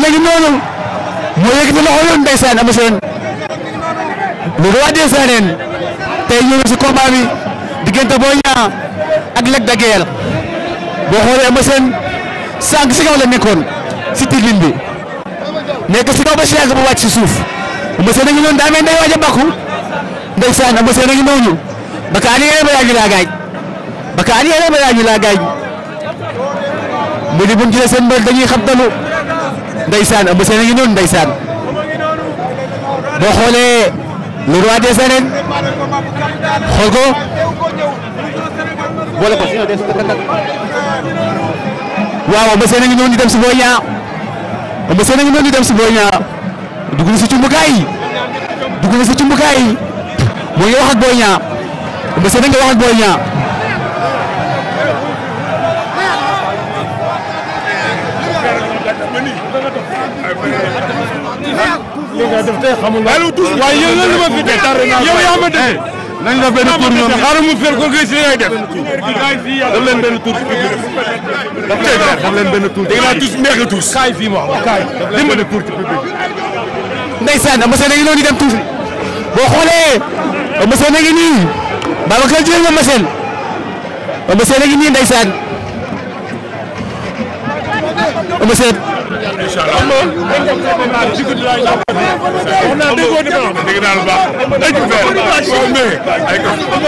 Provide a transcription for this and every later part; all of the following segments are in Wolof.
seen a ngi noonu moo yëkkati loxo yoon a Eumeu Sène lu ko wàddee seeneen tey ñëw si combat bi diggante boo Niang ak Lac de Guiers boo xoolee Eumeu Sène sànq si kaw la nekkoon si tigin bi nekk si kaw ba si yàgg ba wàcc si suuf Eumeu Sène a ngi noonu daa mel day waaj a bàkku ndeysaan Eumeu Sène a ngi noonu bakaani yéen ba yaa ñu laa gaaj bakaani yéen ba yaa ñu laa gaaj mu di buñ jëlee seen mbër dañuy xabtalu ndeysaan Eumeu Sène a ngi noonu ndeysaan boo xoolee le roi des arènes xool ko waaw Eumeu Sène a ngi di dem si Boy Niang Eumeu Sène a di dem si Boy Niang dugg na si cumbukaay yi dugg na si cumbukaay yi mu ngi wax a ngi wax ak Boy ah daf tey xamul nga. waaye yow lan la ma fi def yow yaa ma def. nañ la benn tur ñoom xaaral mu fer ko gis li ngay def. daf leen benn tur daf leen benn tur. dégg naa tous neex a tous. kaay fii ma wax kaay li ma def tur ci public bi. ndeysaan monsieur da ngeen doon di dem tuuti boo xoolee monsieur da ngeen nii Babacar jël nga monsieur monsieur da ngeen nii ndeysaan monsieur. incha allah naa déggoo di ma. dégg naa lu baax. ay ko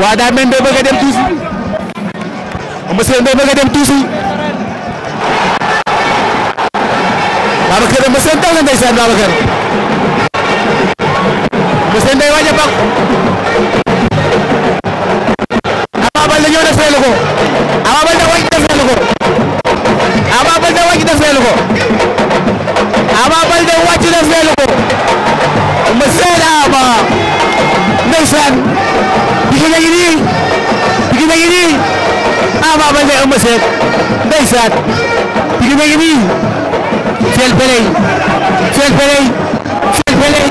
waaw daa mel day bëgg a dem tuuti. monsieur day bëgg a dem tuuti. Babacar monsieur Ndao la ndeysaan Babacar. monsieur Ndao waaj a bàq. ba ndeysaan Pikine a ngi nii Pikine a ngi nii Ama ah, Baldé Eumeu Sène ndeysaan Pikine a ngi nii Thiel Peley Thiel Peley Thiel Peley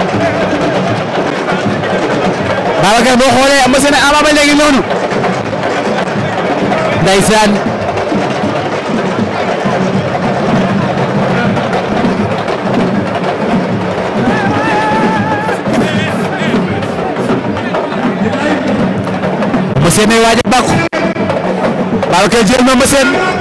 Babacar boo xoolee Eumeu Sène Ama Baldé a ngi noonu ndeysaan Sène waaj a bàkku Babacar jël na Eumeu Sène